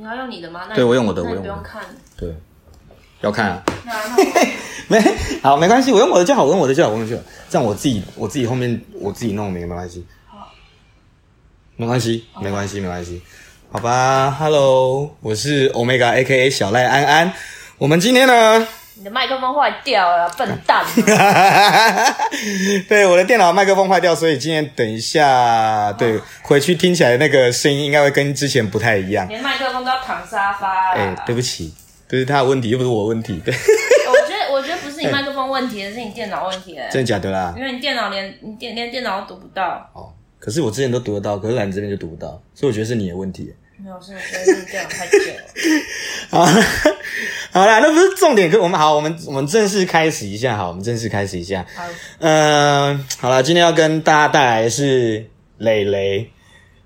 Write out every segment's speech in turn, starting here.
你要用你的嗎？那對，我用我的，我用不用看我用的？對，Okay. 要看啊。Yeah, that's okay. 沒好，沒關係，我用我的就好，我用我的就好，我用我的就好，我用你這樣我自己，我自己後面我自己弄，沒沒關係。好，沒關係，沒關係，沒關係。好吧，Hello，我是 Omega AKA 小賴安安。我們今天呢？你的麥克風壞掉了，笨蛋！ 對，我的電腦麥克風壞掉，所以今天等一下，嗯、對，回去聽起來那個聲音應該會跟之前不太一樣。連麥克風都要躺沙發。哎、欸，對不起，這是他的問題，又不是我的問題。對，我覺得，我覺得不是你麥克風問題，欸、而是你電腦問題。哎，真的假的啦？因為你電腦連你電連電腦都讀不到。哦，可是我之前都讀得到，可是來你這邊就讀不到，所以我覺得是你的問題。沒有事， 這樣太久。 好，好了，那不是重點。可我們好，我們我們正式開始一下。好，我們正式開始一下。好。嗯，好了，今天要跟大家帶來的是蕾蕾。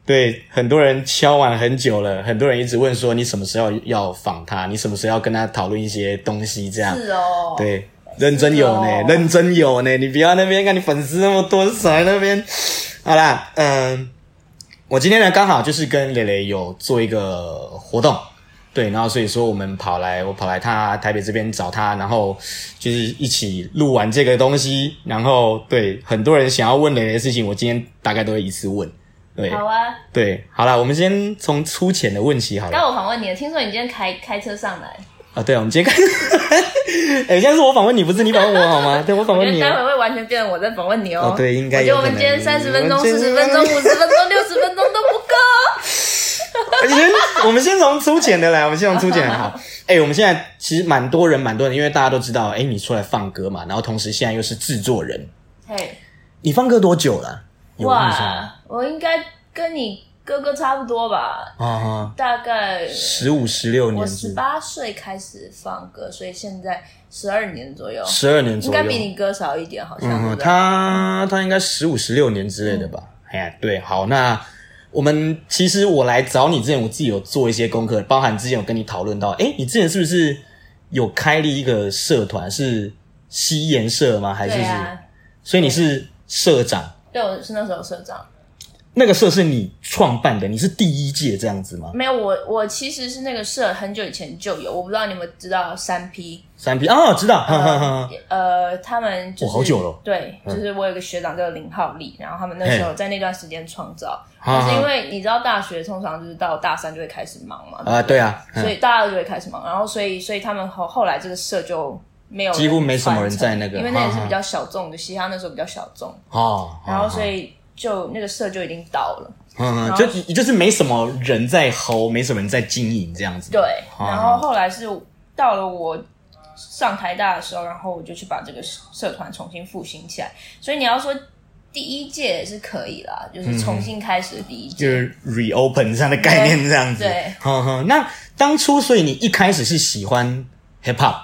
對，很多人敲碗很久了，很多人一直問說你什麼時候要，要訪他，你什麼時候要跟他討論一些東西？這樣是哦。對，認真有呢，哦、認真有呢。你不要那邊，看你粉絲那麼多，少 在那邊。好啦。嗯。我今天呢，剛好就是跟蕾蕾有做一個活動，對，然後所以說我們跑來，我跑來他台北這邊找他，然後就是一起錄完這個東西，然後對，很多人想要問蕾蕾的事情，我今天大概都會一次問，對，好啊，對，好啦，好我們先從粗淺的問題好了。剛我訪問你，聽說你今天開開車上來？啊，對，我們今天開車。 哎、欸，現在是我訪問你，不是你訪問我好嗎？對我訪問你、喔，待會會完全變成我在訪問你、喔、哦。對，應該有。我，我們今天三十分鐘、四十分鐘、五十完全 分鐘、六十 分鐘都不夠、 欸。我們先從粗淺的來，我們先從粗淺的來。 好，哎、欸，我們現在其實蠻多人，蠻多人，因為大家都知道，哎、欸，你出來放歌嘛，然後同時現在又是製作人。嘿，Hey, 你放歌多久了？哇，我應該跟你。哥哥差不多吧，啊啊，大概十五十六年。我十八歲開始放歌，所以現在十二年左右，十二年左右。應該比你哥少一點，好像。嗯、是是，他他應該十五十六年之類的吧？哎、嗯啊，對，好，那我們其實我來找你之前，我自己有做一些功課，包含之前有跟你討論到，哎、欸，你之前是不是有開立一個社團是嘻研社嗎？還是，是？對啊、所以你是社長，對？對，我是那時候社長。那個社是你創辦的，你是第一屆這樣子嗎？沒有，我我其實是那個社很久以前就有，我不知道你們知道三 P 三 P 啊，知道，呃，他們就是好久了，對，就是我有個學長叫林浩立，然後他們那時候在那段時間創造，就是因為你知道大學通常就是到大三就會開始忙嘛，啊對啊，所以大二就會開始忙，然後所以所以他們後後來這個社就沒有，幾乎沒什麼人在那個，因為那也是比較小眾的嘻哈，那時候比較小眾哦，然後所以。就那個社就已經倒了，嗯，嗯，然後，就就是沒什麼人在吼，沒什麼人在經營這樣子。對，嗯嗯，然後後來是到了我上台大的時候，然後我就去把這個社團重新復興起來。所以你要說第一屆也是可以啦，就是重新開始的第一屆，嗯，就是 reopen 這樣的概念這樣子。對，對。嗯哼。那當初所以你一開始是喜歡 hip hop，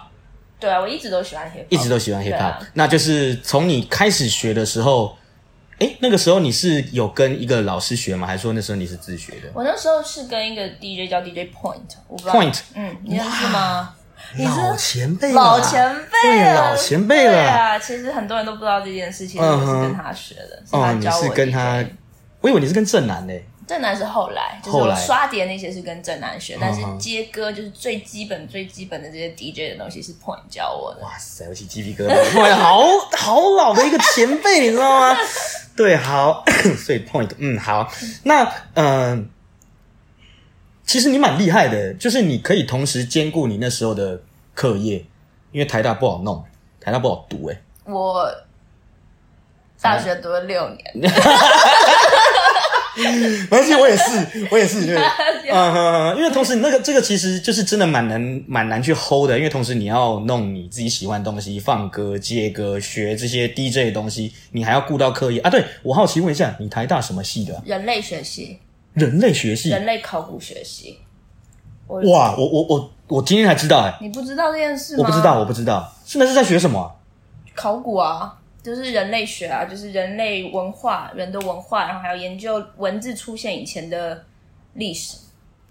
對啊，我一直都喜歡 hip hop，一直都喜歡 hip hop。對啊，那就是從你開始學的時候。哎、欸，那個時候你是有跟一個老師學嗎？還是說那時候你是自學的？我那時候是跟一個 DJ 叫 DJ Point，Point，Point。嗯，你認識嗎？老前輩、啊，老前輩了，老前輩了。對啊，其實很多人都不知道這件事情，嗯、哼我是跟他學的，嗯、哼是他教我、DJ。哦，你是跟他？我以為你是跟正南呢、欸。鄭南是後來，就是我刷碟那些是跟鄭南學，來但是接歌就是最基本最基本的這些 DJ 的東西是 Point 教我的。哇塞，我起雞皮疙瘩！哇， 好好老的一個前輩， 你知道嗎？對，好， 所以 Point，嗯，好，那嗯、呃，其實你蠻厲害的，就是你可以同時兼顧你那時候的課業，因為台大不好弄，台大不好讀、欸，哎，我大學讀了六年。嗯 而且 我， 我也是，我也是，因為、 呃，因為同時，你那個這個其實就是真的蠻難，蠻難去 hold 的，因為同時你要弄你自己喜歡的東西，放歌、接歌、學這些 DJ 的東西，你還要顧到課業啊，對。對我好奇問一下，你台大什麼系的？人類學系。人類學系。人類考古學系。哇，我我我我今天才知道哎，你不知道這件事嗎？我不知道，我不知道。現在是在學什麼、啊？考古啊。就是人類學啊，就是人類文化、人的文化，然後還要研究文字出現以前的歷史。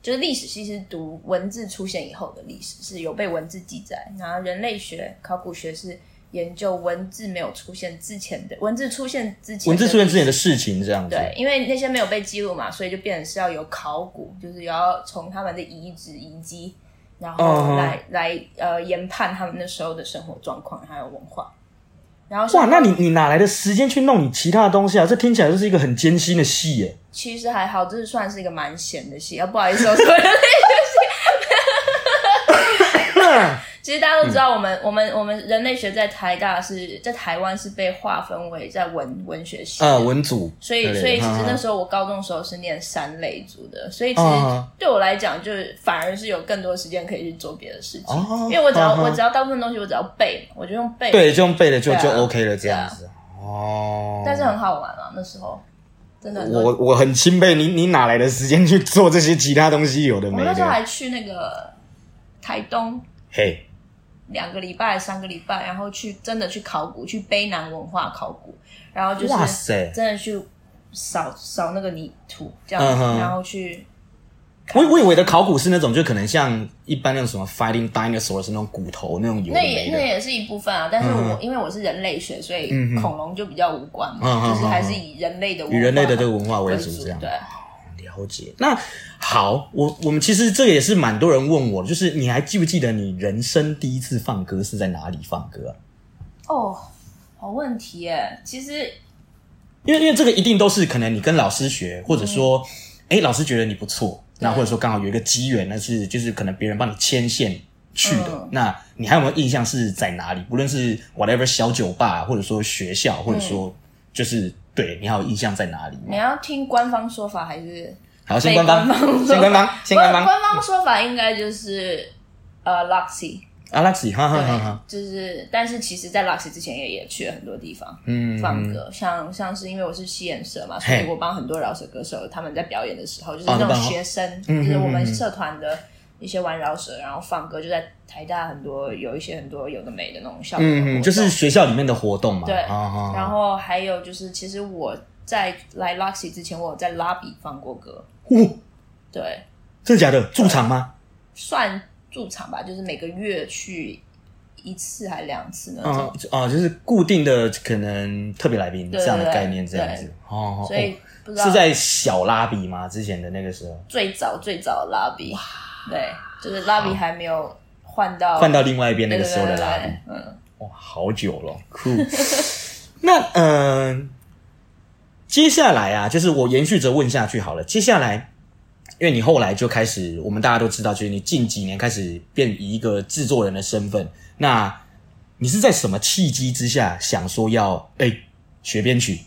就是歷史其實讀文字出現以後的歷史，是有被文字記載。然後人類學、考古學是研究文字沒有出現之前的文字出現之前的、文字出現之前的事情。這樣子，對，因為那些沒有被記錄嘛，所以就變成是要有考古，就是要從他們的遺址遺跡，然後來、Oh. 來呃研判他們那時候的生活狀況還有文化。然後哇，那你你哪來的時間去弄你其他的東西啊？這聽起來就是一個很艱辛的戲誒、欸。其實還好，這是算是一個蠻閒的戲啊，不好意思哦。 其實大家都知道，我們、嗯、我們我們人類學在台大是在台灣是被劃分為在文文學系啊文組，所以所以其實那時候我高中的時候是念三類組的，所以其實對我來講就是反而是有更多時間可以去做別的事情，哦、因為我只要、哦、我只要大部分東西我只要背，我就用背，對，就用背的就、啊、就 OK 了這樣子、啊、哦。但是很好玩啊，那時候真的很我我很欽佩你，你哪來的時間去做這些其他東西？有的沒的，我那時候還去那個台東嘿。Hey. 兩個禮拜、三個禮拜，然後去真的去考古，去卑南文化考古，然後就是真的去掃塞掃那個泥土這樣子，嗯、哼然後去。我我以為的考古是那種，就可能像一般那種什麼 fighting dinosaurs 是那種骨頭那種的的。那也那也是一部分啊，但是我、嗯、哼因為我是人類學，所以恐龍就比較無關嘛，就是還是以人類的、嗯、哼哼與人類的這個文化為主，對。解。那好，我我們其實這也是蠻多人問我的，就是你還記不記得你人生第一次放歌是在哪裡放歌？啊、哦，好問題耶。其實因為因為這個一定都是可能你跟老師學，或者說哎、嗯、老師覺得你不錯，對那或者說剛好有一個機緣，那是就是可能別人幫你牽線去的。嗯、那你還有沒有印象是在哪裡？不論是 whatever 小酒吧，或者說學校，或者說、嗯、就是對，你還有印象在哪裡？你要聽官方說法還是？好，先官方，先官方，官方說法應該就是呃，Luxy，Luxy，哈哈哈哈哈。就是，但是其實，在 Luxy 之前也也去了很多地方嗯，放歌，像像是因為我是嘻研社嘛，所以我幫很多饒舌歌手他們在表演的時候，就是那種學生，就是我們社團的一些玩饒舌，然後放歌，就在台大很多有一些很多有的沒的那種校園嗯，就是學校裡面的活動嘛，對，然後還有就是其實我在來 Luxy 之前，我有在 Lobby 放過歌。嗚，對，真的假的？駐場嗎？算駐場吧，就是每個月去一次還是兩次呢？啊，就是固定的，可能特別來賓這樣的概念，這樣子哦。所以是在小拉比嗎？之前的那個時候，最早最早的拉比，對，就是拉比還沒有換到換到另外一邊那個時候的拉比，嗯，哇，好久了，酷。那嗯。接下來啊，就是我延續着問下去好了。接下來，因為你後來就開始，我們大家都知道，就是你近幾年開始變以一個制作人的身份。那你是在什麼契機之下想說要哎、欸、學編曲、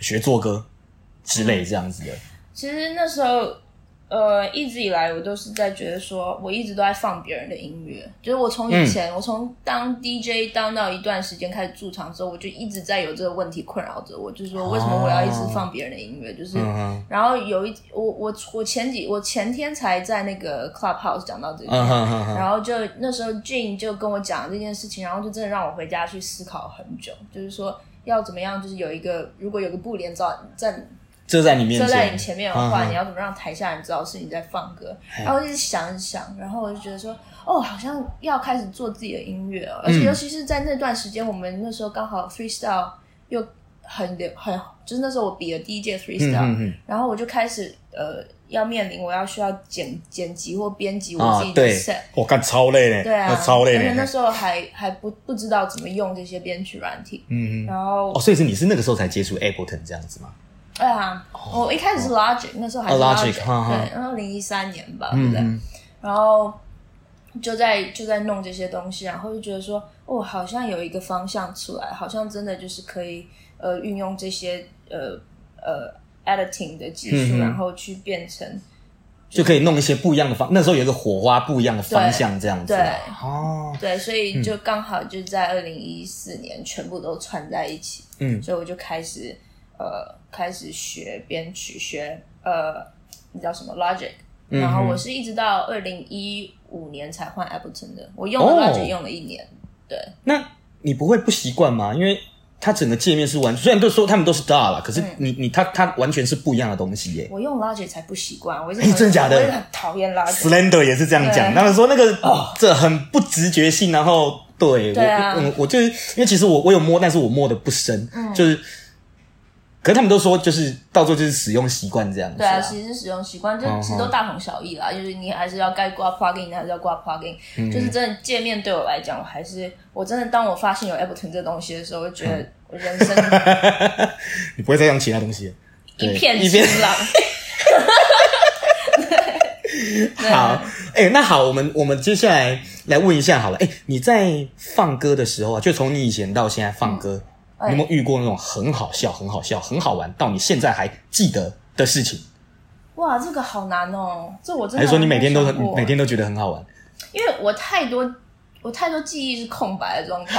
學作歌之類這樣子的？嗯，其實那時候。呃，一直以來我都是在覺得說，我一直都在放別人的音樂，就是我從以前，嗯、我從當 DJ 當到那一段時間開始駐場的時候，我就一直在有這個問題困擾着我，就是說為什麼我要一直放別人的音樂？哦、就是，嗯、哼然後有一我我我前幾我前天才在那個 Clubhouse 講到這個，嗯、哼哼哼然後就那時候 Jane 就跟我講這件事情，然後就真的讓我回家去思考很久，就是說要怎麼樣，就是有一個如果有個不連早在。遮在你面前，遮在你前面的話，嗯、你要怎麼讓台下人知道是你在放歌？嘿然後我就一直想一想，然後我就覺得說，哦，好像要開始做自己的音樂哦。嗯、而且尤其是在那段時間，我們那時候剛好 freestyle 又很很，就是那時候我比了第一屆 freestyle、嗯嗯嗯、然後我就開始呃，要面臨我要需要剪剪輯或編輯我自己的 set、啊。我幹超累嘞，對啊，超累嘞。而且那時候還還不不知道怎麼用這些編曲軟體，嗯，然後哦，所以是你是那個時候才接觸 Ableton 這樣子嗎？對、嗯、啊，我一開始是 Logic，、oh. 那時候還是 Logic，,、oh, logic 對，二零一三年吧，對不、嗯、對？然後就在就在弄這些東西，然後就覺得說，哦，好像有一個方向出來，好像真的就是可以，呃，運用這些呃呃 Editing 的技術，嗯嗯然後去變成就，就可以弄一些不一樣的方，那時候有一個火花，不一樣的方向這樣子，對對哦，對，所以就剛好就在二零一四年全部都串在一起，嗯，所以我就開始。呃，開始學編曲，學呃，那叫什麼 Logic？然後我是一直到二零一五年才換 Ableton 的，我用 Logic 用了一年，對。那你不會不習慣嗎？因為它整個界面是完，雖然都說他們都是 DAW 啦，可是你你它它完全是不一樣的東西耶。我用 Logic 才不習慣，我一直很，真的假的，我很討厭 Logic。Slender 也是這樣講，他們說那個這很不直覺性，然後對我我就是因為其實我我有摸，但是我摸得不深，就是。可是，他們都說，就是到時候就是使用習慣這樣子。對啊，是啊，其實是使用習慣就其、是、實都大同小異啦，哦哦，就是你還是要該掛 p a r k i n 還是要掛 p a r k i n，就是真的界面對我來講，我還是我真的當我發現有 app l e ten 這個東西的時候，我就覺得我人生。嗯、你不會再用其他東西了，一片晴朗。一片好，哎、欸，那好，我們我們接下來來問一下好了，哎、欸，你在放歌的時候啊，就從你以前到現在放歌。你有沒有遇過那種很好笑、欸、很好笑、很好玩到你現在還記得的事情？哇，這個好難哦，這我真的……真還是說你每天都很，每天都覺得很好玩？因為我太多，我太多記憶是空白的狀態，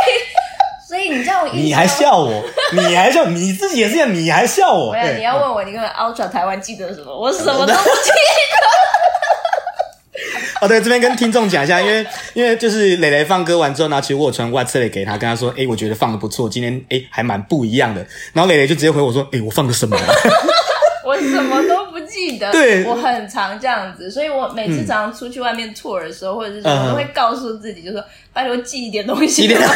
所以你知道，你還笑我，你還笑你自己也是這樣，你還笑我。沒有，你要問我，嗯、你跟 Ultra 台灣記得什麼？我什麼都不記得。 哦，對，這邊跟聽眾講一下，因為因為就是蕾蕾放歌完之後，然後其實我有傳過來這裡給他，跟他說，誒，我覺得放的不錯，今天誒還蠻不一樣的。然後蕾蕾就直接回我說，誒，我放的什麼了？ 我什麼都不記得。對，我很常這樣子，所以我每次常常出去外面 tour 的時候，或者是什麼，嗯、我都會告訴自己，就說拜托記一點東西。一點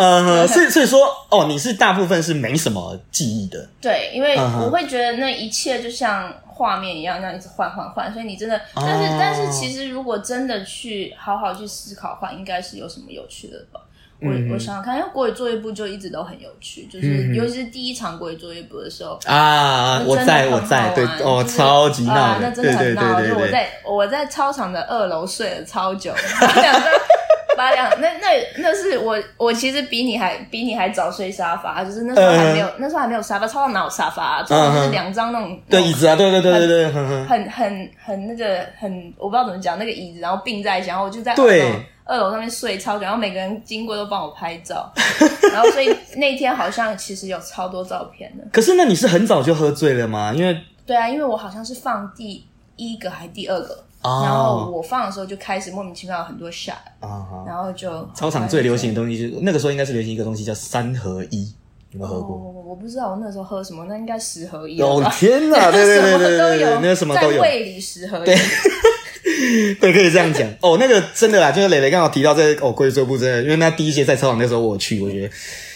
呃，Okay. 是，所以說，哦，你是大部分是沒什麼記憶的。對，因為我會覺得那一切就像畫面一樣，那樣一直換換換，所以你真的，但是，哦、但是其實如果真的去好好去思考的話，應該是有什麼有趣的吧？我嗯嗯我想想看，因為國語作業簿就一直都很有趣，就是嗯嗯尤其是第一場國語作業簿的時候啊，我在，我在，對哦，就是、超級鬧、啊，那真的很鬧,對,對,對對對，就我在，我在操場的二樓睡了超久。 那那那是我我其實比你還比你還早睡沙發、啊，就是那時候還沒有、uh huh. 那時候還沒有沙發，超到哪有沙發、啊，就是兩張那種對椅子啊，對對對對對，很很很那個很我不知道怎麼講那個椅子，然後並在一起，然後我就在二樓對二樓上面睡超，超然後每個人經過都幫我拍照， 然後所以那天好像其實有超多照片的。可是那你是很早就喝醉了嗎？因為對啊，因為我好像是放第一個還是第二個。哦、然後我放的時候就開始莫名其妙有很多 shot、啊、哈然後就操場最流行的東西就是、哦、那個時候應該是流行一個東西叫三合一，有，沒有喝過、哦、我不知道我那時候喝什麼，那應該十合一。哦天哪， 對、對、對對對對，什麼都有那個什麼都有，在胃裡十合一，對， 對可以這樣講。 哦，那個真的啦，就是蕾蕾剛好提到這個哦，貴州不真的，因為那第一屆在操場那時候我去，我覺得。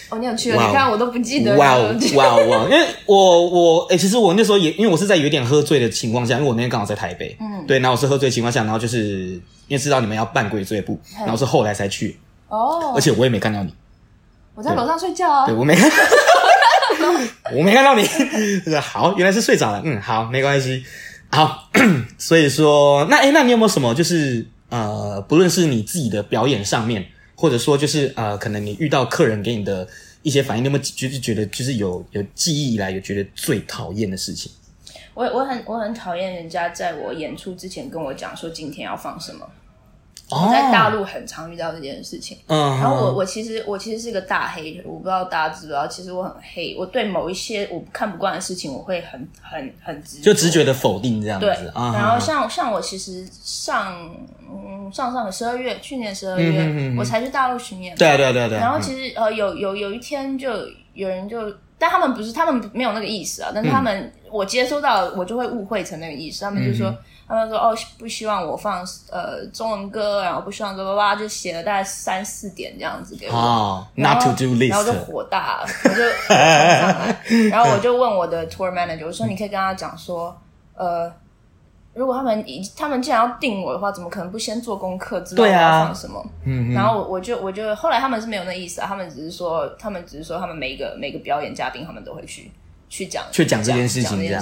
哦，你有去？Wow, 你看我都不記得了。哇哦，哇哦，哇！因為我，我我哎、欸，其實我那時候也，因為我是在有點喝醉的情況下，因為我那天剛好在台北，嗯，對，然後我是喝醉的情況下，然後就是因為知道你們要辦鬼醉步，嘿然後是後來才去。哦，oh, 而且我也沒看到你。我在樓上睡覺啊，對，對我沒看， 我沒看到你。好，原來是睡着了。嗯，好，沒關係。好， 所以說，那哎、欸，那你有沒有什麼？就是呃，不論是你自己的表演上面。或者說，就是呃，可能你遇到客人給你的一些反應，那麼就是覺得就是有有記憶以來，有覺得最討厭的事情。我我很我很討厭人家在我演出之前跟我講說今天要放什麼。我在大陸很常遇到這件事情，嗯、哦，然後我我其實我其實是個大黑，我不知道大家知不知道，其實我很黑，我對某一些我看不慣的事情，我會很很很直覺，就直覺的否定這樣子。對哦、然後像像我其實上、嗯、上上個十二月，去年十二月，嗯哼嗯哼，我才去大陸巡演，對對對對。然後其實呃有有有，有一天就有人就，但他們不是，他們沒有那個意思啊，但是他們、嗯、我接收到，我就會誤會成那個意思，他們就說。嗯他們說哦，不希望我放呃，中文歌，然後不希望說哇，就寫了大概三四點這樣子給我，然後就火大了，我就 然後我就問我的 tour manager，我說你可以跟他講說，嗯、呃，如果他們以他們既然要訂我的話，怎麼可能不先做功課知道我要放什麼？啊、然後我就我就我就後來他們是沒有那意思啊，他們只是說他們只是說他們每一個每一個表演嘉賓他們都會去。去講，去講這件事情，對，然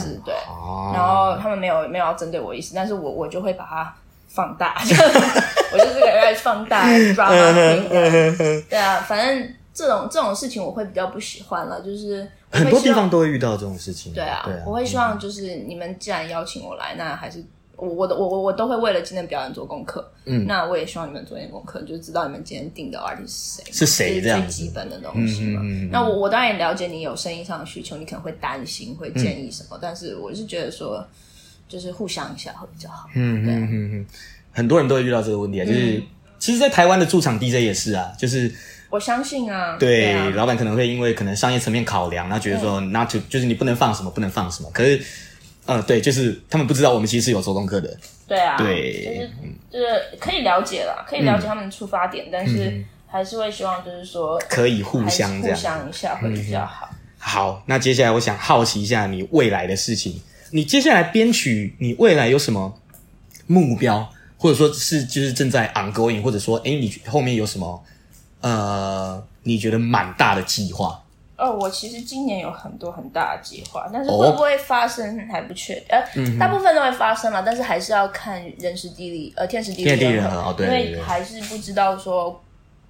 後他們沒有沒有要針對我意思，但是我我就會把它放大，我就是愛放大 drama，對啊，反正這種這種事情我會比較不喜歡了，就是很多地方都會遇到這種事情，對啊，我會希望就是你們既然邀請我來，那還是。我我我我我都會為了今天表演做功課，嗯，那我也希望你們做點功課，就知道你們今天定的 artist 是誰，是誰，是最基本的東西嘛。那我我當然也了解你有生意上的需求，你可能會擔心，會建議什麼，但是我是覺得說，就是互相一下會比較好。嗯對，嗯嗯，很多人都會遇到這個問題啊，就是其實，在台灣的駐場 DJ 也是啊，就是我相信啊，對，老闆可能會因為可能商業層面考量，然後覺得說 not to，就是你不能放什麼，不能放什麼，可是。嗯、呃，對，就是他們不知道我們其實是有做功課的。對啊，對，就是就是可以了解啦，可以了解他們的出發點，嗯、但是還是會希望就是說可以互相這樣互相一下會比較好、嗯。好，那接下來我想好奇一下你未來的事情，你接下來編曲，你未來有什麼目標，或者說是就是正在 ongoing，或者說誒，你後面有什麼呃，你覺得蠻大的計劃？哦，我其實今年有很多很大的計劃，但是會不會發生還不確定。呃，大部分都會發生嘛，但是還是要看人時地利，呃，天時地利人和，對對對。因為還是不知道說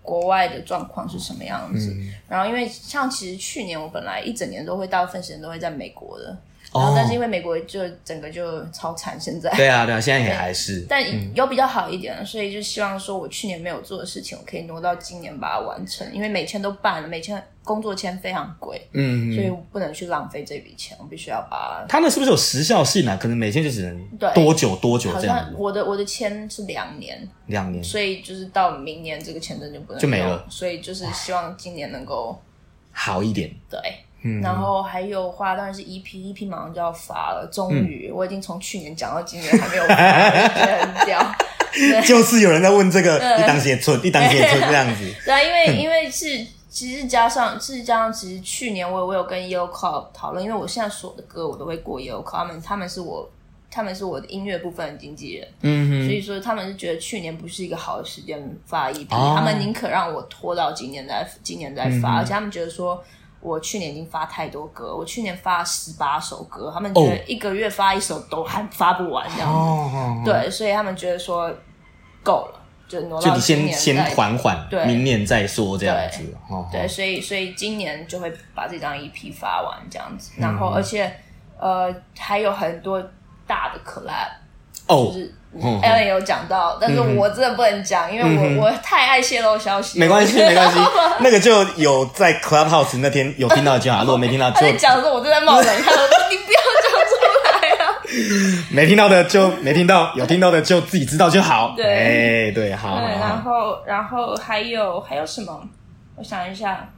國外的狀況是什麼樣子。嗯、然後，因為像其實去年我本來一整年都會，大部分時間都會在美國的。哦，然後但是因為美國就整個就超慘，現在、哦、對啊，對啊，現在也還是，但有比較好一點，嗯、所以就希望說我去年沒有做的事情，我可以挪到今年把它完成，因為每簽都辦了，每簽工作簽非常貴，嗯，所以我不能去浪費這筆錢，我必須要把它。他們是不是有時效性啊？可能每天就只能多久對多久這樣。好像我的我的簽是兩年，兩年，所以就是到明年這個簽證就不能就沒了，所以就是希望今年能夠好一點，對。然後還有話，當然是 EP、EP，馬上就要發了。終於，嗯、我已經從去年講到今年還沒有發， 很就是有人在問這個，嗯、一檔寫也錯，一檔寫也錯 這樣子。 對、啊、因為因為是其實加上，是加上，其實去年我有我有跟 U Club 討論，因為我現在所有的歌我都會過 U Club，他們他們是我他們是我的音樂部分的經紀人。嗯哼。所以說，他們是覺得去年不是一個好的時間發 EP、哦、他們寧可讓我拖到今年再今年再發，嗯、哼而且他們覺得說。我去年已經發太多歌，我去年發了十八首歌，他們覺得一個月發一首都還發不完這樣子，oh. Oh, oh, oh. 對，所以他們覺得說夠了，就挪到今年再，就你先先緩緩，對明年再說這樣子，對，oh, oh. 對，所以所以今年就會把這張 EP 發完這樣子，然後而且、mm hmm. 呃還有很多大的 club 哦就是。嗯、Allen 有講到，但是我真的不能講，嗯、哼因為我、嗯、哼我太愛洩露消息。沒關係，沒關係，那個就有在 Clubhouse 那天有聽到的就好。呃、如果沒聽到就，就講說我正在冒冷汗，嗯、哼他說你不要講出來啊。沒聽到的就沒聽到，有聽到的就自己知道就好。對、欸，對，好、嗯。然後，然後還有還有什麼？我想一下，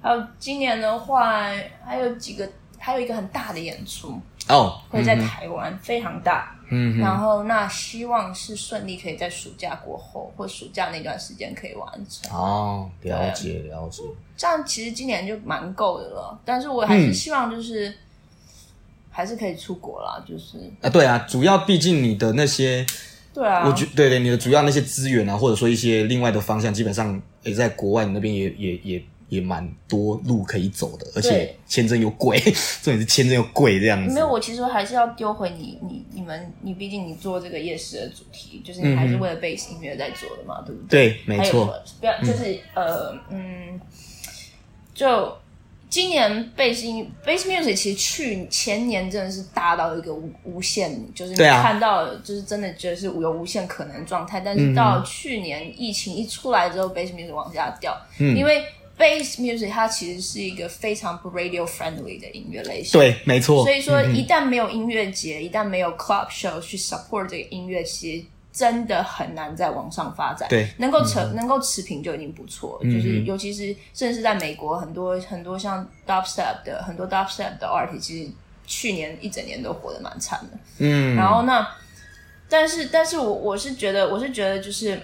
還有今年的話，還有幾個，還有一個很大的演出。哦，嗯、會在台灣非常大，嗯、哼，然後那，希望是順利可以在暑假過後或暑假那段時間可以完成哦，了解。對了解，嗯，這樣其實今年就蠻夠的了，但是我還是希望就是、嗯、還是可以出國啦，就是啊，對啊，主要畢竟你的那些，對啊，我覺對對，你的主要那些資源啊，或者說一些另外的方向，基本上也在國外，你那邊也也也。也也也蠻多路可以走的，而且簽證又貴，對 重點是簽證又貴這樣子。沒有，我其實還是要丟回你，你你們，你畢竟你做這個夜市的主題，就是你還是為了貝斯音樂在做的嘛，嗯嗯對不對？對，沒錯。不要，就是、嗯、呃，嗯，就今年貝斯音貝斯 music 其實去前年真的是大到一個無無限，就是你看到就是真的就是無有無限可能狀態，啊、但是到去年疫情一出來之後，貝斯 music 往下掉，嗯、因為。Bass music 它其實是一個非常 radio friendly 的音樂類型，對，沒錯。所以說，一旦沒有音樂節，嗯嗯，一旦沒有 club show 去 support 這個音樂，其實真的很難再往上發展。對，能夠成、嗯、能夠持平就已經不錯。嗯、就是，尤其是甚至在美國，很多很多像 Dubstep 的很多 Dubstep 的 art 其實去年一整年都活得蠻慘的。嗯，然後那，但是，但是我我是覺得，我是覺得就是。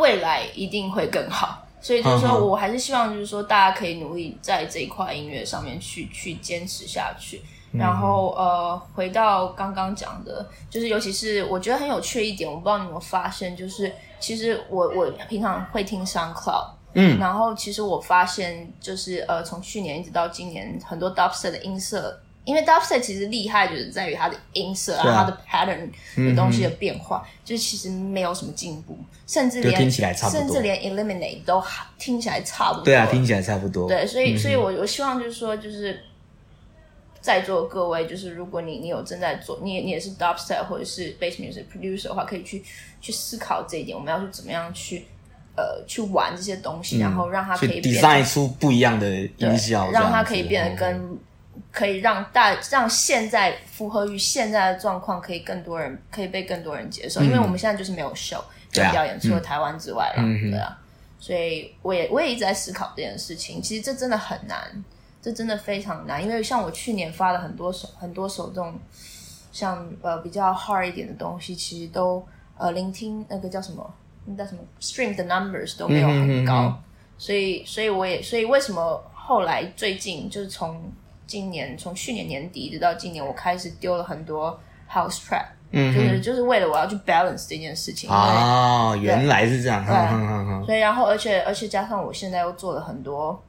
未來一定會更好，所以就是說我還是希望，就是說大家可以努力在這一塊音樂上面去去堅持下去。然後、嗯、呃，回到剛剛講的，就是尤其是我覺得很有趣的一點，我不知道你們有沒有發現，就是其實我我平常會聽 SoundCloud，嗯，然後其實我發現就是呃，從去年一直到今年，很多 dubstep 的音色。因為 dubstep 其實厲害，就是在於它的音色啊，它的 pattern 的東西的變化，就其實沒有什麼進步，甚至連，甚至連 eliminate 都聽起來差不多。對啊，聽起來差不多。對，所以，所以我我希望就是說，就是在座各位，就是如果你你有正在做，你你也是 dubstep 或者是 bass music producer 的話，可以去去思考這一點，我們要去怎麼樣去呃去玩這些東西，然後讓它可以 design 出不一樣的音效，讓它可以變得跟。可以讓大讓現在符合於現在的狀況，可以更多人可以被更多人接受，mm hmm. 因為我們現在就是沒有 show，就表演 Yeah. 除了台灣之外了，mm hmm. 對啊，所以我也我也一直在思考這件事情。其實這真的很難，這真的非常難，因為像我去年發了很多首很多首這種像呃比較 hard 一點的東西，其實都呃聆聽那個叫什麼那叫什麼 stream 的 numbers 都沒有很高，mm hmm. 所以所以我也所以為什麼後來最近就是從今年從去年年底一直到今年，我開始丟了很多 house track，嗯哼就是就是為了我要去 balance 這件事情啊，哦、對原來是這樣，對，嗯嗯、所以然後而且而且加上我現在又做了很多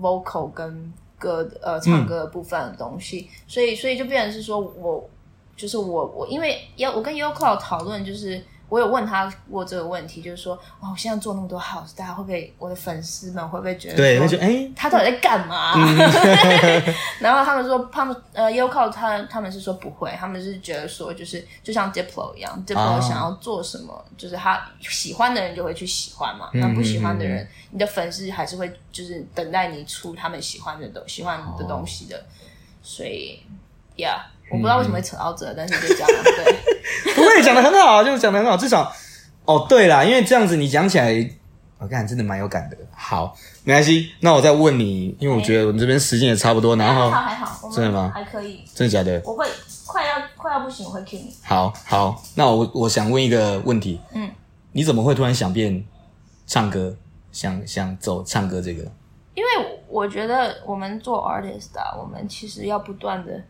vocal 跟歌呃唱歌的部分的東西，嗯、所以所以就變成是說我就是我我因為要，我跟優酷討論就是。我有問他過這個問題，就是說，哦，我現在做那麼多 house，大家會不會，我的粉絲們會不會覺得，對我就，誒，他到底在幹嘛？然後他們說、um, 呃，他們呃 u 靠他他們是說不會，他們是覺得說、就是，就是就像 Diplo 一樣，哦，Diplo 想要做什麼，就是他喜歡的人就會去喜歡嘛，那，嗯、不喜歡的人，嗯嗯、你的粉絲還是會就是等待你出他們喜歡的東喜歡的東西的，哦、所以，Yeah。我不知道為什麼會扯到這，嗯、但是就講了， 對，不會講得 很好，就是講得很好，至少哦，對啦，因為這樣子你講起來，我、哦、看真的蠻有感的。好，沒關係，那我再問你，因為我覺得我們這邊時間也差不多，然後還好還好，還真的嗎？還可以，真的假的？我會快要快要不行，我會聽你。好，好，那我我想問一個問題，嗯，你怎麼會突然想變唱歌，想想走唱歌這個？因為我覺得我們做 artist 啊，我們其實要不斷的。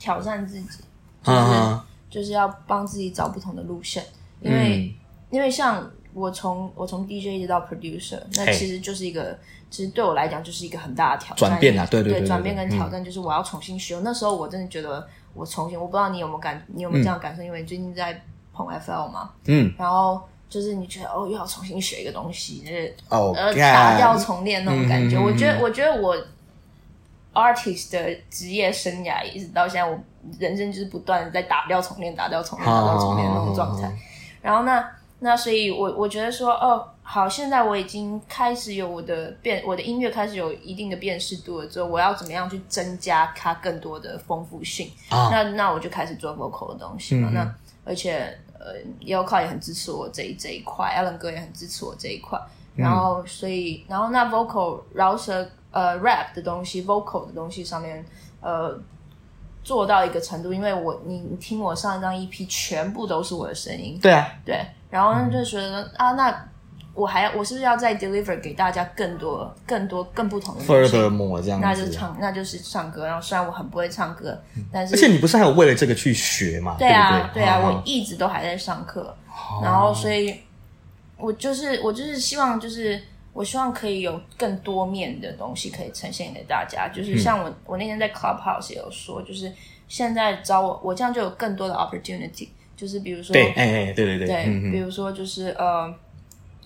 挑戰自己，就是就是要幫自己找不同的路線，因為、嗯、因為像我從我從 DJ 一直到 producer、欸、那其實就是一個，其實對我來講就是一個很大的挑戰。轉變、啊、對，對對對，轉變跟挑戰就是我要重新學。嗯、那時候我真的覺得我重新，我不知道你有沒有感，你有沒有這樣的感受？嗯、因為你最近在碰 FL 嘛，嗯，然後就是你覺得哦又要重新學一個東西，就是呃 Okay, 打掉重練那種感覺。我覺得我覺得我。artist 的職業生涯一直到現在，我人生就是不斷的在打掉重練、打掉重練、打掉重練那種狀態。Oh. 然後呢，那所以我，我我覺得說，哦，好，現在我已經開始有我的辨，我的音樂開始有一定的辨識度了。之後我要怎麼樣去增加它更多的豐富性？Oh. 那那我就開始做 vocal 的東西嘛。嗯、哼那而且，呃 Yoko 也很支持我這一這一塊，Alan 哥也很支持我這一塊。嗯、然後，所以，然後那 vocal 饒舌。呃、uh,，rap 的東西，vocal 的東西上面，呃、uh,，做到一個程度，因為我，你，你聽我上一張 EP，全部都是我的聲音。對啊，對。然後就覺得、嗯、啊，那我還要，我是不是要再 deliver 給大家更多、更多、更不同的東西？Furthermore，這樣子，那就唱，那就是唱歌。然後雖然我很不會唱歌，嗯、但是，而且你不是還有為了這個去學嗎？對啊，對，對，對啊，uh huh、我一直都還在上課。Oh. 然後，所以我就是，我就是希望，就是。我希望可以有更多面的東西可以呈現給大家，就是像我，嗯、我那天在 Clubhouse 也有說，就是現在找我，我這樣就有更多的 opportunity，就是比如說，哎哎對，對，對對對，對，嗯哼比如說就是呃，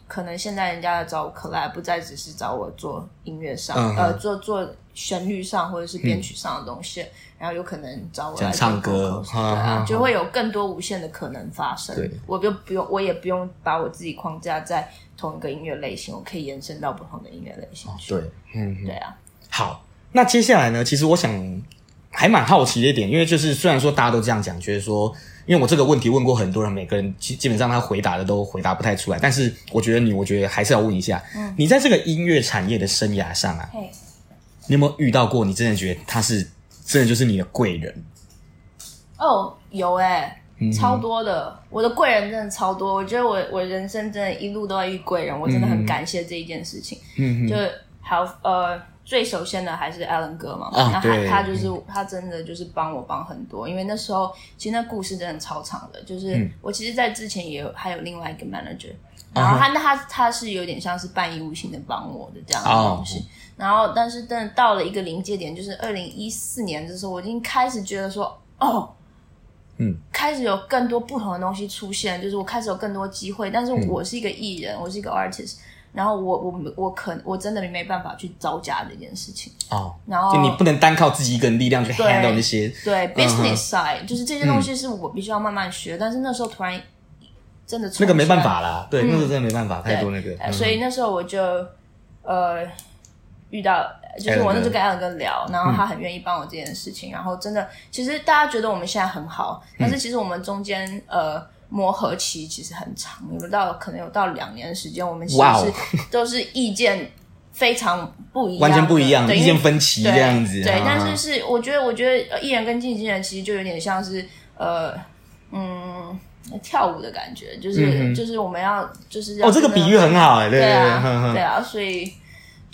可能現在人家找我 Collab 不再只是找我做音樂上，uh huh. 呃，做做。旋律上或者是編曲上的東西，嗯、然後有可能找我來講唱歌，就會有更多無限的可能發生。對我就不用，我也不用把我自己框架在同一個音樂類型，我可以延伸到不同的音樂類型。哦。對，嗯，對啊。好，那接下來呢？其實我想還蠻好奇的一點，因為就是雖然說大家都這樣講，覺得說，因為我這個問題問過很多人，每個人基基本上他回答的都回答不太出來，但是我覺得你，我覺得還是要問一下，嗯，你在這個音樂產業的生涯上啊。你有沒有遇到過你真的覺得他是真的就是你的貴人？哦，oh, 有哎、欸，超多的，mm hmm. 我的貴人真的超多。我覺得我我人生真的一路都在遇貴人，mm hmm. 我真的很感謝這一件事情。嗯、mm，hmm. 就是還有呃，最首先的還是 Alan 哥嘛，那、oh, 他耶他就是他真的就是幫我幫很多，因為那時候其實那故事真的超長的，就是、mm hmm. 我其實，在之前也有還有另外一個 manager，然後他那、uh huh. 他他是有點像是半義務性的幫我的這樣的東西。Oh. 然後，但是真的到了一個臨界點，就是二零一四年的時候，我已經開始覺得說，哦，嗯，開始有更多不同的東西出現，就是我開始有更多機會。但是我是一個藝人，我是一個 artist，然後我我我可我真的沒辦法去招架這件事情哦。然後你不能單靠自己一個人力量去 handle 這些，對 business side，就是這些東西是我必須要慢慢學。但是那時候突然真的出現那個沒辦法啦，對，那時候真的沒辦法太多那個，所以那時候我就呃。遇到就是我那時候跟亞倫哥聊，然後他很願意幫我這件事情。嗯、然後真的，其實大家覺得我們現在很好，但是其實我們中間呃磨合期其實很長，有到可能有到兩年的時間，我們其實是哇都是意見非常不一樣，完全不一樣，對意見分歧對這樣子。對，呵呵但是是我覺得，我覺得藝人跟經紀人其實就有點像是呃嗯跳舞的感覺，就是嗯嗯就是我們要就是要、哦、這個比喻很好哎，對啊對，對，對，對啊，所以。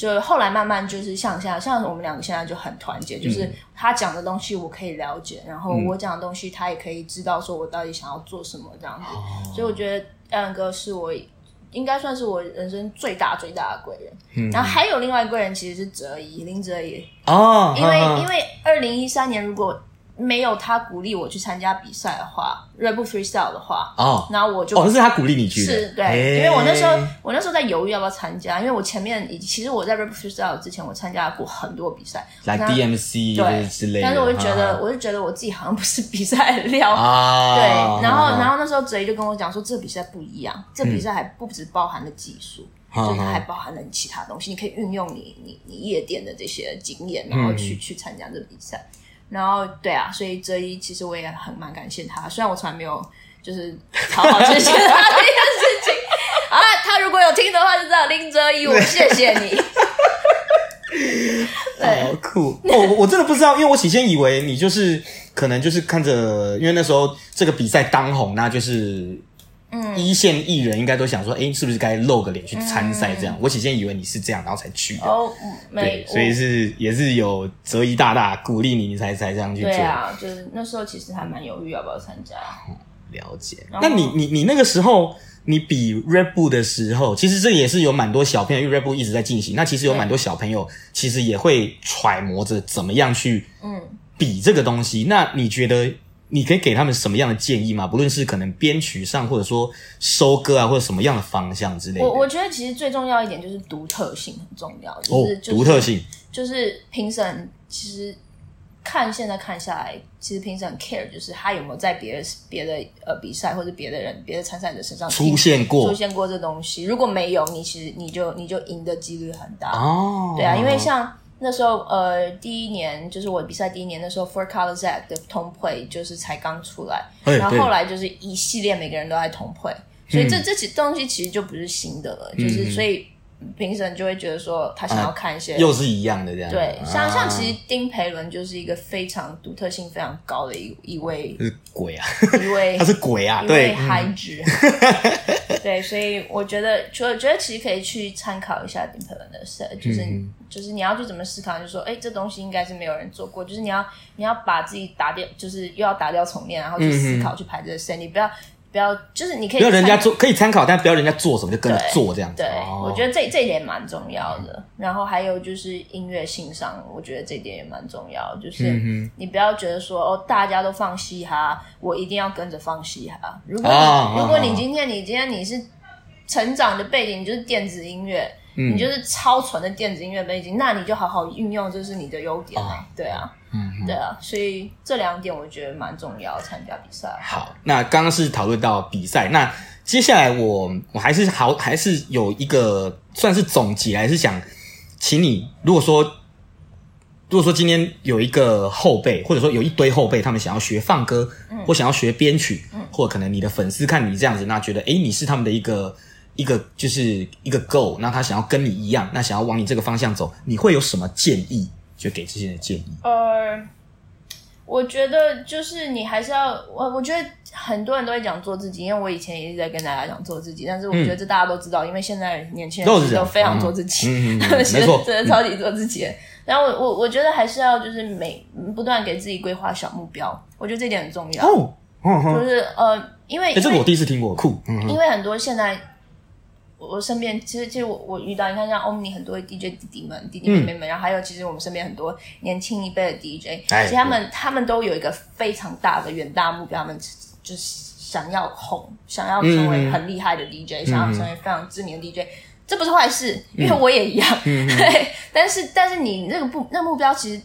就後來慢慢就是像現在，像我們兩個現在就很團結，嗯、就是他講的東西我可以了解，然後我講的東西他也可以知道，說我到底想要做什麼這樣子。嗯、所以我覺得楊哥是我應該算是我人生最大最大的貴人。嗯，然後還有另外一個貴人其實是哲姨林哲姨哦，啊、因為、啊、因為二零一三年如果。沒有他鼓勵我去參加比賽的話 Red Bull 3Style 的話，哦，然後我就哦是他鼓勵你去？是，對，因為我那時候我那時候在猶豫要不要參加，因為我前面其實我在 Red Bull 3Style 之前，我參加過很多比賽，像 DMC 對之類的，但是我就覺得我就覺得我自己好像不是比賽的料，對，然後然後那時候 z 就跟我講說，這比賽不一樣，這比賽還不只包含了技術，所以它還包含了其他東西，你可以運用你你你夜店的這些經驗，然後去去參加這比賽。然後對啊，所以哲一其實我也很蠻感謝他，雖然我從來沒有就是討好這些他的事情啊， 他如果有聽的話就知道林哲一，我謝謝你，好酷。我我真的不知道，因為我起先以為你就是可能就是看着，因為那時候這個比賽當紅，那就是。嗯、一線藝人應該都想說，哎，是不是該露個臉去參賽？這樣，嗯、我起先以為你是這樣，然後才去的。哦，對，所以是也是有澤一大大鼓勵你，你才才這樣去做。對啊，就是那時候其實還蠻猶豫要不要參加、嗯。了解，後那你你你那個時候，你比 Red Bull 的的時候，其實這也是有蠻多小朋友，因為 Red Bull 一直在進行。那其實有蠻多小朋友、嗯、其實也會揣摩着怎麼樣去嗯比這個東西。嗯、那你覺得？你可以給他們什麼樣的建議嗎？不論是可能編曲上，或者說收歌啊，或者什麼樣的方向之類的。我我覺得其實最重要一點就是獨特性很重要，就是獨特性就是評審、哦、其實看現在看下來，其實評審 care 就是他有沒有在別的別的呃比賽或者別的人別的參賽者身上出現過出現過這東西。如果沒有，你其實你就你就贏的幾率很大哦。對啊，因為像。那時候，呃，第一年就是我比賽第一年的時候，Four Color Zack 的 tone play 就是才剛出來，哎、然後後來就是一系列，每個人都在 tone play，對所以這這東西其實就不是新的了，嗯、就是所以。評審就會覺得說他想要看一些、啊、又是一樣的這樣對、啊、像像其實丁培倫就是一個非常獨特性非常高的一一位是鬼啊，一位他是鬼啊，一位，對一位嗨之、嗯、 對所以我覺得覺覺得其實可以去參考一下丁培倫的 set 就是、嗯、哼就是你要去怎麼思考就是說誒、欸、這東西應該是沒有人做過，就是你要你要把自己打掉就是又要打掉重練，然後去思考、嗯、哼去排這個 set 你不要。不要，就是你可以。不要人家做，可以參考，但不要人家做什麼就跟着做這樣子。對，對，哦，我覺得這這一點蠻重要的。然後還有就是音樂性上，我覺得這一點也蠻重要，就是你不要覺得說哦，大家都放嘻哈，我一定要跟着放嘻哈。如果你哦哦哦如果你今天你今天你是成長的背景你就是電子音樂。你就是超純的電子音樂背景，嗯、那你就好好運用，這是你的優點啊，哦、對啊，嗯、哼對啊，所以這兩點我覺得蠻重要，參加比賽、啊。好，那剛剛是討論到比賽，那接下來我我還是好，還是有一個算是總結，還是想請你，如果說如果說今天有一個後輩，或者說有一堆後輩，他們想要學放歌，嗯、或想要學編曲，嗯、或者可能你的粉絲看你這樣子，那覺得哎，你是他們的一個。一個就是一個 goal，那他想要跟你一樣，那想要往你這個方向走，你會有什麼建議？就給這些人建議。呃，我覺得就是你還是要，我我覺得很多人都會講做自己，因為我以前也是在跟大家講做自己，但是我覺得這大家都知道，嗯、因為現在年輕人其實都非常做自己，沒錯，嗯、他們現在真的超級做自己的。然後、嗯、我我我覺得還是要就是每不斷給自己規劃小目標，我覺得這點很重要。哦，嗯、哼就是呃，因為，、欸、因為這個我第一次聽過，酷、嗯哼，因為很多現在。我我身邊其實其實我我遇到，你看像 Omega 很多的 DJ 弟弟們弟弟妹妹們，嗯、然後還有其實我們身邊很多年輕一輩的 DJ，、哎、其實他們對他們都有一個非常大的遠大的目標，他們就是想要紅，想要成為很厲害的 DJ，、嗯、想要成為非常知名的 DJ，、嗯、這不是壞事，嗯、因為我也一樣，嗯、對，嗯、但是但是你那個不那個目標其實。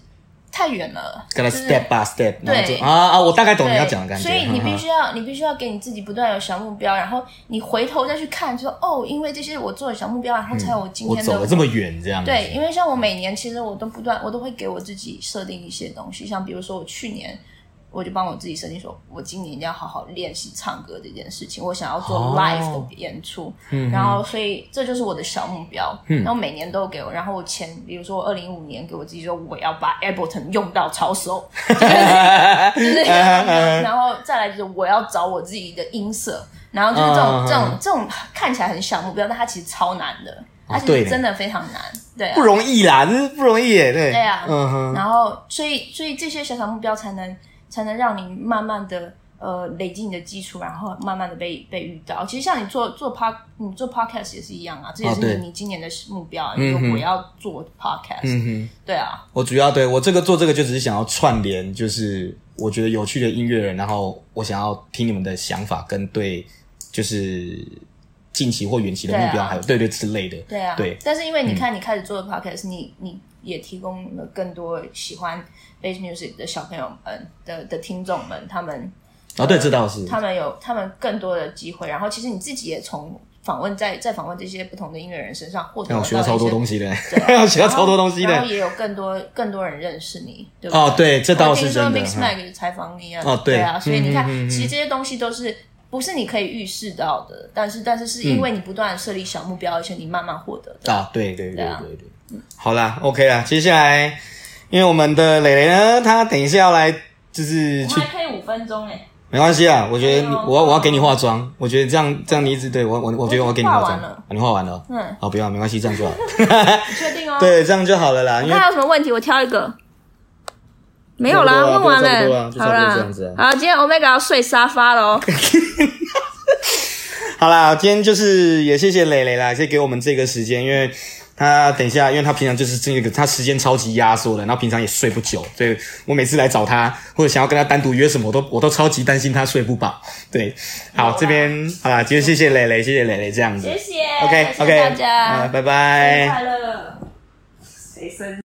太遠了、就是、，step by step，對然後啊,啊啊，我大概懂你要講的感覺。所以你必須要，呵呵你必須要給你自己不斷有小目標，然後你回頭再去看，就說哦，因為這些我做的小目標啊，然後才有我今天的、嗯。我走了這麼遠，這樣子。對，因為像我每年其實我都不斷，我都會給我自己設定一些東西，像比如說我去年。我就幫我自己設定說，我今年一定要好好練習唱歌這件事情。我想要做 live 的演出，oh, 然後所以這就是我的小目標。嗯、然後每年都給我，然後我前，比如說我二零一五年給我自己說，我要把 Ableton 用到超熟，然後再來就是我要找我自己的音色，然後就是這種、uh huh. 這種這種看起來很小目標，但它其實超難的，它其實、uh huh. 真的非常難，對、啊，不容易啦，真是不容易誒、欸，對，對啊，嗯哼、uh，huh. 然後所以所以這些小小目標才能。才能讓你慢慢的呃累積你的基礎，然後慢慢的被被遇到。其實像你做做 Pod，你做 Podcast 也是一樣啊,這也是你今年的目標、啊。哦、因為，我要做 Podcast、嗯哼。嗯對啊。我主要對我這個做這個就只是想要串聯，就是我覺得有趣的音樂人，然後我想要聽你們的想法跟對，就是近期或遠期的目標還，還有對、啊、對對之類的。對啊。對，但是因為你看，你開始做的 Podcast，你、嗯、你。你也提供了更多喜歡 Bass Music 的小朋友們的的、的聽眾們，他們啊、哦，對，這倒是他們有他們更多的機會。然後，其實你自己也從訪問在在訪問這些不同的音樂人身上獲得了超多東西的，對 我學到超多東西的。然後，然後也有更多更多人認識你，對吧、哦？對，這倒是真的。聽說 Mix Mag 有採訪你啊，哦、對，對啊，所以你看，嗯、哼哼哼哼，其實這些東西都是不是你可以預示到的，但是但是是因為你不斷設立小目標，而且、嗯、你慢慢獲得的啊，對對對對對、啊。好啦，OK 啦，接下來因為我們的蕾蕾呢，她等一下要來，就是還黑五分鐘哎，沒關係啊，我覺得我我要給你化妝，我覺得這樣這樣你一直對我我我覺得我要給你化妝，你化完了，嗯，好，不要沒關係，這樣就好，確定哦，對，這樣就好了啦，因為有什麼問題我挑一個，沒有啦，問完了，好啦，好，今天 Omega 要睡沙發了哦，好啦，今天就是也謝謝蕾蕾啦，先給我們這個時間，因為。他等一下，因為他平常就是這個，他時間超級壓縮的，然後平常也睡不久，所以我每次來找他或者想要跟他單獨約什麼，我都我都超級擔心他睡不飽。對，好，啊、這邊好啦，今天就謝謝蕾蕾，謝謝蕾蕾這樣子。謝謝，OK OK，謝謝大家，拜拜，呃，bye bye 生日快樂，隨身。